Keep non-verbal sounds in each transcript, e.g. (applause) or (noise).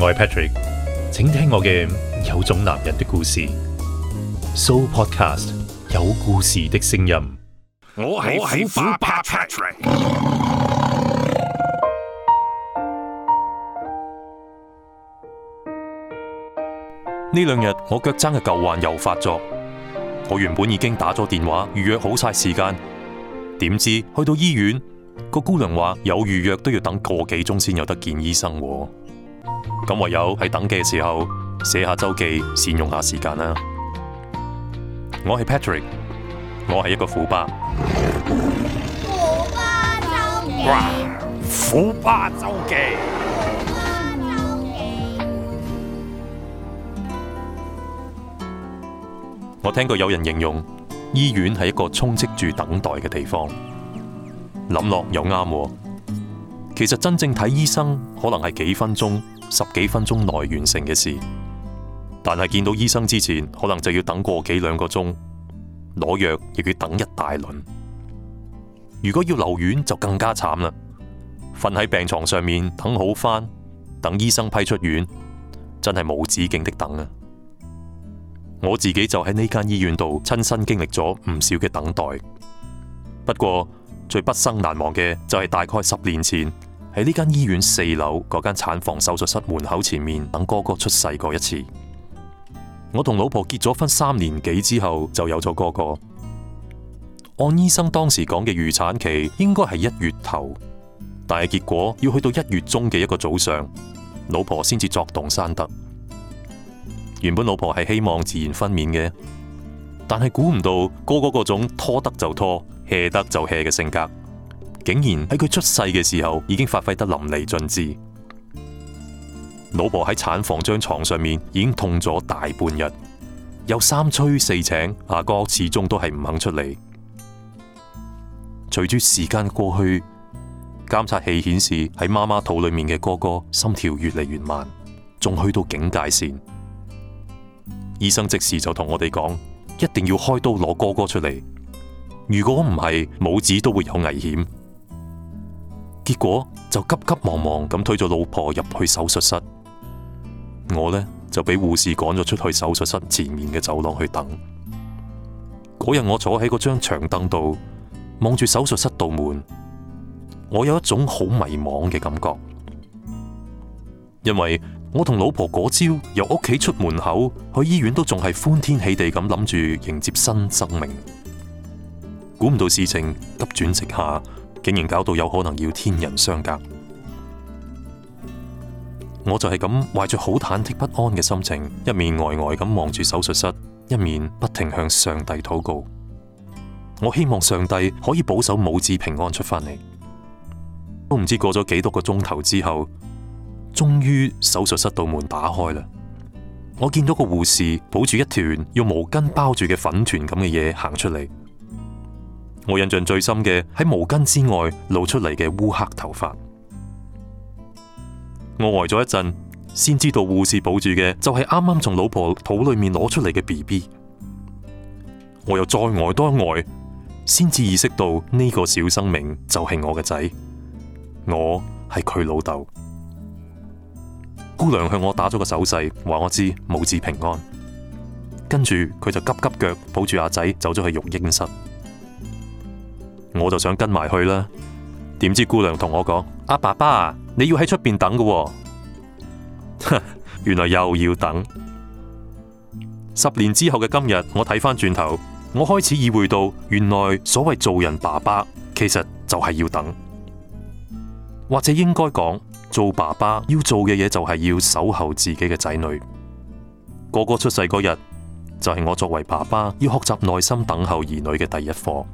我係 Patrick，請聽我嘅有種男人的故事。So Podcast 有故事的聲音。我係小八 Patrick。呢 (laughs) (laughs) 兩日我腳踭嘅舊患又發作，我原本已經打咗電話預約好晒時間，點知去到醫院，個姑娘話有預約都要等個幾鐘先有得見醫生。咁唯有喺等嘅時候寫下周記，善用下時間啦。我係 Patrick，我係一個虎巴。虎巴周記，虎巴周記。記我聽過有人形容醫院係一個充斥住等待嘅地方，諗落又啱。其實真正睇醫生可能係幾分鐘、十幾分鐘內完成嘅事，但係見到醫生之前，可能就要等過幾兩個鐘，攞藥亦要等一大輪。如果要留院就更加慘啦，瞓喺病床上面等好返，等醫生批出院，真係無止境的等啊！我自己就喺呢間醫院度親身經歷咗唔少嘅等待，不過最畢生難忘嘅就係大概十年前。喺呢間醫院四樓嗰間產房手術室門口前面等哥哥出世過一次。我同老婆結咗婚三年幾之後就有咗哥哥。按醫生當時講嘅預產期應該係一月頭，但係結果要去到一月中嘅一個早上，老婆先至作動生得。原本老婆係希望自然分娩嘅，但係估唔到哥哥嗰種拖得就拖，hea 得就 hea 嘅性格。竟然喺佢出世嘅時候已經發揮得淋漓盡致。老婆喺產房張床上面已經痛咗大半日，有三催四請，阿哥始終都係唔肯出嚟。隨住時間過去，監察器顯示喺媽媽肚裏面嘅哥哥心跳越嚟越慢，仲去到警戒線。醫生即時就同我哋講，一定要開刀攞哥哥出嚟。如果唔係，母子都會有危險。結果就急急忙忙咁推咗老婆入去手術室，我呢，就俾護士趕咗出去手術室前面嘅走廊去等。嗰日我坐喺嗰張長凳度，望住手術室道門，我有一種好迷茫嘅感覺，因為我同老婆嗰朝由屋企出門口去醫院都仲係歡天喜地咁諗住迎接新生命，估唔到事情急轉直下。竟然搞到有可能要天人相隔，我就係咁懷着好忐忑不安嘅心情，一面呆呆咁望住手術室，一面不停向上帝禱告。我希望上帝可以保守母子平安出翻嚟。都唔知過咗幾多個鐘頭之後，終於手術室度門打開啦。我見到個護士抱住一團用毛巾包住嘅粉團咁嘅嘢行出嚟。我印象最深嘅，喺毛巾之外露出嚟嘅烏黑頭髮。我呆咗一陣，先知道護士抱住嘅就係啱啱從老婆肚裏面攞出嚟嘅 BB。我又再呆多一呆，先至意識到呢個小生命就係我嘅仔，我係佢老豆。姑娘向我打咗個手勢，話我知母子平安。跟住佢就急急腳抱住阿仔走咗去育嬰室。我就想跟埋去啦，點知姑娘同我講：阿、啊、爸爸，你要喺出邊等嘅、哦。 (laughs) 原來又要等。十年之後嘅今日，我睇返轉頭，我開始意會到，原來所謂做人爸爸，其實就係要等，或者應該講，做爸爸要做嘅嘢，就係要守候自己嘅仔女。個個出世嗰日，就係、是、我作為爸爸要學習耐心等候兒女嘅第一課。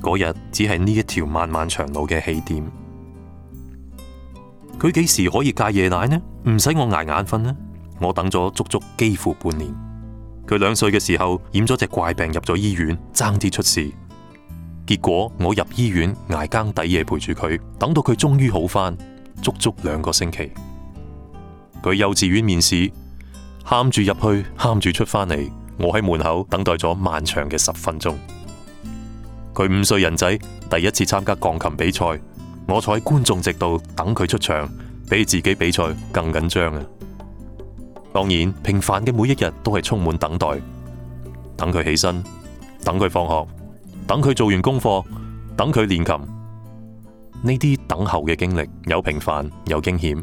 嗰日只係呢一條漫漫長路嘅起點。佢幾時可以戒夜奶呢？唔使我挨眼瞓啦。我等咗足足幾乎半年。佢兩歲嘅時候染咗隻怪病入咗醫院，爭啲出事。結果我入醫院挨更抵夜陪住佢，等到佢終於好返，足足兩個星期。佢幼稚園面試，喊住入去，喊住出返嚟。我喺門口等待咗漫長嘅十分鐘。佢五歲人仔第一次參加鋼琴比賽，我坐喺觀眾席度等佢出場，比自己比賽更緊張啊！當然，平凡嘅每一日都係充滿等待，等佢起身，等佢放學，等佢做完功課，等佢練琴。呢啲等候嘅經歷有平凡，有驚險，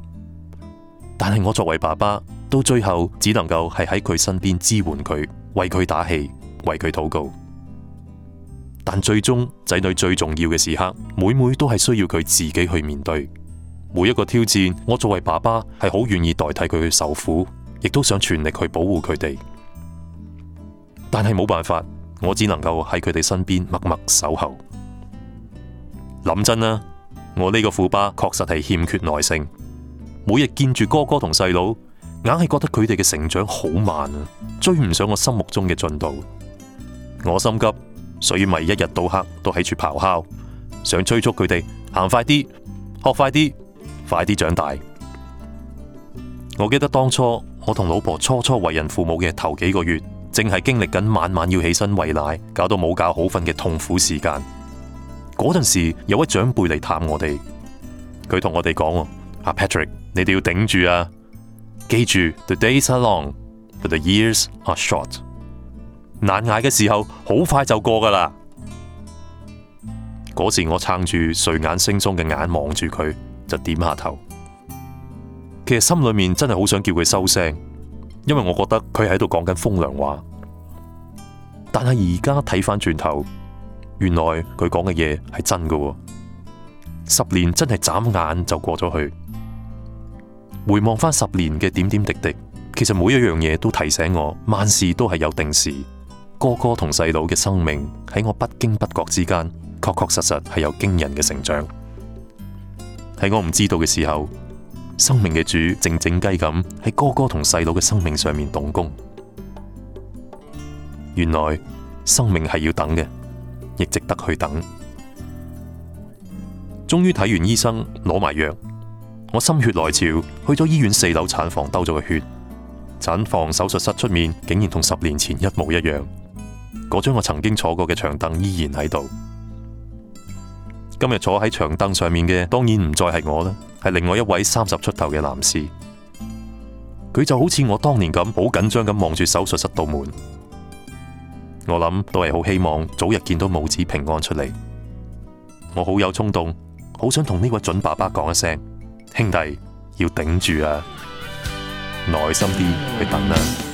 但係我作為爸爸，到最後只能夠係喺佢身邊支援佢，為佢打氣，為佢禱告。但最終，仔女最重要嘅時刻，每每都係需要佢自己去面對每一個挑戰。我作為爸爸，係好願意代替佢去受苦，亦都想全力去保護佢哋。但係冇辦法，我只能夠喺佢哋身邊默默守候。諗真啦，我呢個富爸確實係欠缺耐性，每日見住哥哥同細佬，硬係覺得佢哋嘅成長好慢啊，追唔上我心目中嘅進度。我心急。所以咪一日到黑都喺處咆哮，想催促佢哋行快啲、學快啲、快啲長大。我記得當初我同老婆初初為人父母嘅頭幾個月，正係經歷緊晚晚要起身餵奶，搞到冇覺好瞓嘅痛苦時間。嗰陣時有位長輩嚟探我哋，佢同我哋講：阿 Patrick，你哋要頂住啊！記住，the days are long，but the years are short。難捱嘅時候，好快就過噶啦。嗰時我撐住睡眼惺忪嘅眼望，望住佢就點下頭。其實心裏面真係好想叫佢收聲，因為我覺得佢喺度講緊風涼話。但係而家睇翻轉頭，原來佢講嘅嘢係真噶。十年真係眨眼，就過咗去，回望翻十年嘅點點滴滴，其實每一樣嘢都提醒我，萬事都係有定時。哥哥同細佬嘅生命喺我不經不覺之間，確確實實係有驚人嘅成長。喺我唔知道嘅時候，生命嘅主靜靜雞咁喺哥哥同細佬嘅生命上面動工。原來生命係要等嘅，亦值得去等。終於睇完醫生，攞埋藥，我心血來潮去咗醫院四樓產房，兜咗個血。產房手術室出面竟然同十年前一模一樣。嗰張我曾經坐過嘅長凳依然喺度。今日坐喺長凳上面嘅，當然唔再係我啦，係另外一位三十出頭嘅男士。佢就好似我當年咁，好緊張咁望住手術室度門。我諗都係好希望早日見到母子平安出嚟。我好有衝動，好想同呢位準爸爸講一聲，兄弟，要頂住啊，耐心啲去等啊。